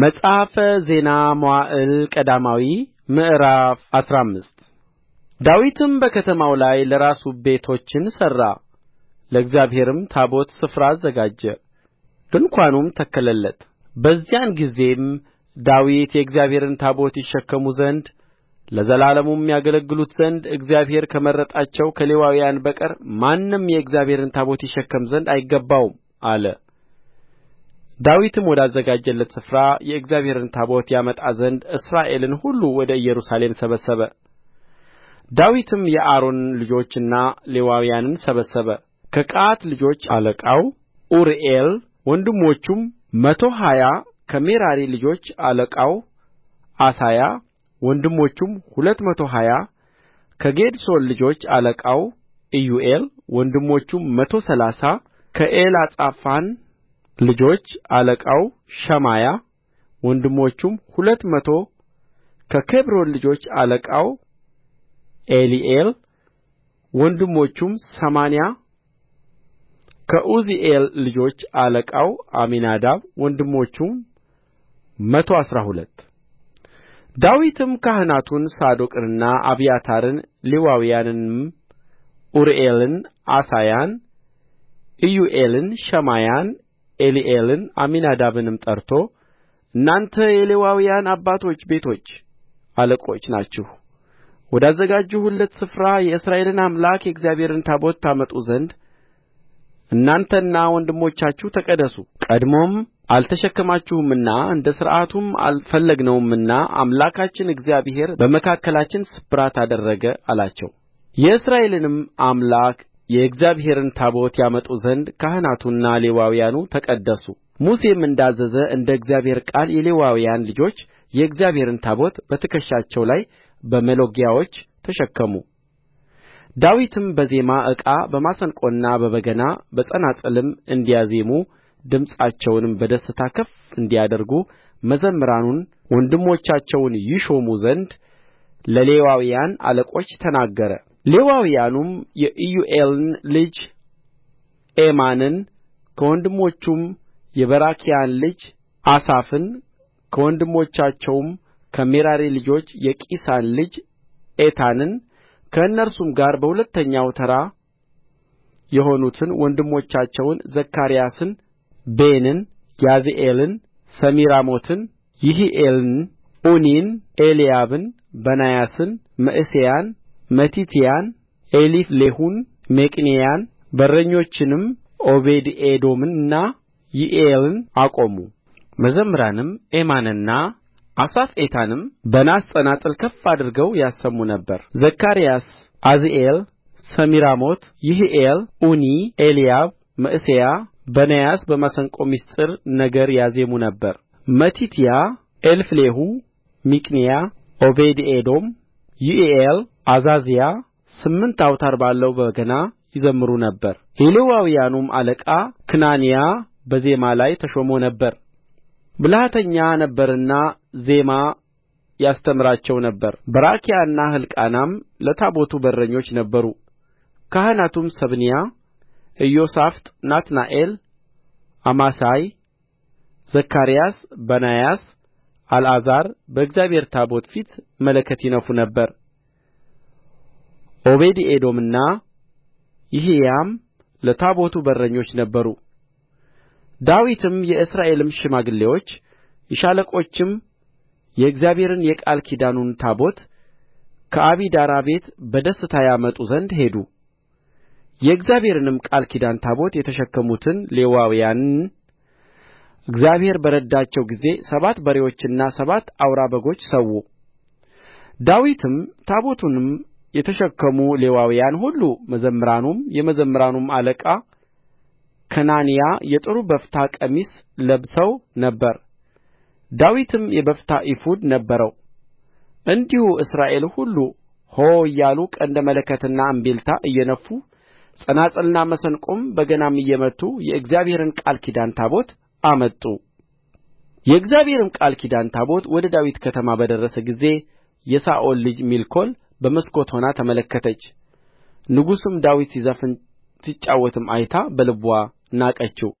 መጽሐፈ ዜና መዋዕል ቀዳማዊ ምዕራፍ አስራ አምስት ዳዊትም በከተማው ላይ ለራሱ ቤቶችን ሠራ ለእግዚአብሔርም ታቦት ስፍራ አዘጋጀ ድንኳኑም ተከለለት በዚያን ጊዜም ዳዊት የእግዚአብሔርን ታቦት ይሸከሙ ዘንድ ለዘላለሙም ያገለግሉት ዘንድ እግዚአብሔር ከመረጣቸው ከሌዋውያን በቀር ማንም የእግዚአብሔርን ታቦት ይሸከም ዘንድ አይገባውም አለ ዳዊትም ወዳዘጋጀለት ስፍራ የእግዚአብሔርን ታቦት ያመጣ ዘንድ እስራኤልን ሁሉ ወደ ኢየሩሳሌም ሰበሰበ ዳዊትም የአሮንን ልጆችና ሌዋውያንን ሰበሰበ ከቀዓት ልጆች አለቃው ኡርኤል ወንድሞቹም መቶ ሀያ ከሜራሪ ልጆች አለቃው አሳያ ወንድሞቹም ሁለት መቶ ሀያ ከጌድሶን ልጆች አለቃው ኢዩኤል ወንድሞቹም መቶ ሠላሳ ከኤሊጻፋን ልጆች አለቃው ሸማያ ወንድሞቹም ሁለት መቶ ከኬብሮን ልጆች አለቃው ኤሊኤል ወንድሞቹም ሰማንያ ከዑዝኤል ልጆች አለቃው አሚናዳብ ወንድሞቹም መቶ አሥራ ሁለት ዳዊትም ካህናቱን ሳዶቅንና አብያታርን ሌዋውያንንም ኡርኤልን ዓሣያን ኢዮኤልን ሸማያን ኤሊኤልን አሚናዳብንም ጠርቶ እናንተ የሌዋውያን አባቶች ቤቶች አለቆች ናችሁ ወዳዘጋጀሁለት ስፍራ የእስራኤልን አምላክ የእግዚአብሔርን ታቦት ታመጡ ዘንድ እናንተና ወንድሞቻችሁ ተቀደሱ ቀድሞም አልተሸከማችሁምና እንደ ሥርዓቱም አልፈለግነውምና አምላካችን እግዚአብሔር በመካከላችን ስብራት አደረገ አላቸው የእስራኤልንም አምላክ የእግዚአብሔርን ታቦት ያመጡ ዘንድ ካህናቱና ሌዋውያኑ ተቀደሱ ሙሴም እንዳዘዘ እንደ እግዚአብሔር ቃል የሌዋውያን ልጆች የእግዚአብሔርን ታቦት በትከሻቸው ላይ በመሎጊያዎች ተሸከሙ ዳዊትም በዜማ ዕቃ በመሰንቆና በበገና በጸናጽልም እንዲያዜሙ ድምፃቸውንም በደስታ ከፍ እንዲያደርጉ መዘምራኑን ወንድሞቻቸውን ይሾሙ ዘንድ ለሌዋውያን አለቆች ተናገረ ሌዋውያኑም የኢዮኤልን ልጅ ኤማንን ከወንድሞቹም የበራክያን ልጅ አሳፍን ከወንድሞቻቸውም ከሜራሪ ልጆች የቂሳን ልጅ ኤታንን ከእነርሱም ጋር በሁለተኛው ተራ የሆኑትን ወንድሞቻቸውን ዘካርያስን ቤንን ያዝኤልን ሰሚራሞትን ይሒኤልን ዑኒን ኤልያብን በናያስን መዕሤያን መቲትያን ኤሊፍሌሁን ሚቅንያን በረኞችንም ዖቤድኤዶምንና ይዒኤልን አቆሙ መዘምራንም ኤማንና አሳፍኤታንም በናስ ጸናጽል ከፍ አድርገው ያሰሙ ነበር ዘካርያስ ዓዝዔል ሰሚራሞት ይሒኤል ዑኒ ኤልያብ መዕሤያ በናያስ በመሰንቆ ምሥጢር ነገር ያዜሙ ነበር መቲትያ ኤልፍሌሁ ሚቅኒያ ዖቤድኤዶም ይዒኤል ዓዛዝያ ስምንት አውታር ባለው በገና ይዘምሩ ነበር የሌዋውያኑም አለቃ ክናንያ በዜማ ላይ ተሾሞ ነበር ብልሃተኛ ነበረና ዜማ ያስተምራቸው ነበር በራክያና ሕልቃናም ለታቦቱ በረኞች ነበሩ ካህናቱም ሰበንያ ኢዮሳፍጥ ናትናኤል አማሳይ ዘካርያስ በናያስ አልዓዛር በእግዚአብሔር ታቦት ፊት መለከት ይነፉ ነበር ዖቤድኤዶምና ይሒያም ለታቦቱ በረኞች ነበሩ ዳዊትም የእስራኤልም ሽማግሌዎች የሻለቆችም የእግዚአብሔርን የቃል ኪዳኑን ታቦት ከአቢዳራ ቤት በደስታ ያመጡ ዘንድ ሄዱ የእግዚአብሔርንም ቃል ኪዳን ታቦት የተሸከሙትን ሌዋውያንን እግዚአብሔር በረዳቸው ጊዜ ሰባት በሬዎችና ሰባት አውራ በጎች ሰዉ ዳዊትም ታቦቱንም የተሸከሙ ሌዋውያን ሁሉ መዘምራኑም የመዘምራኑም አለቃ ከናንያ የጥሩ በፍታ ቀሚስ ለብሰው ነበር ዳዊትም የበፍታ ኤፉድ ነበረው እንዲሁ እስራኤል ሁሉ ሆ እያሉ ቀንደ መለከትና እምቢልታ እየነፉ ጸናጽልና መሰንቆም በገናም እየመቱ የእግዚአብሔርን ቃል ኪዳን ታቦት አመጡ የእግዚአብሔርም ቃል ኪዳን ታቦት ወደ ዳዊት ከተማ በደረሰ ጊዜ የሳኦል ልጅ ሜልኮል በመስኮት ሆና ተመለከተች ንጉሡም ዳዊት ሲዘፍን ሲጫወትም አይታ በልብዋ ናቀችው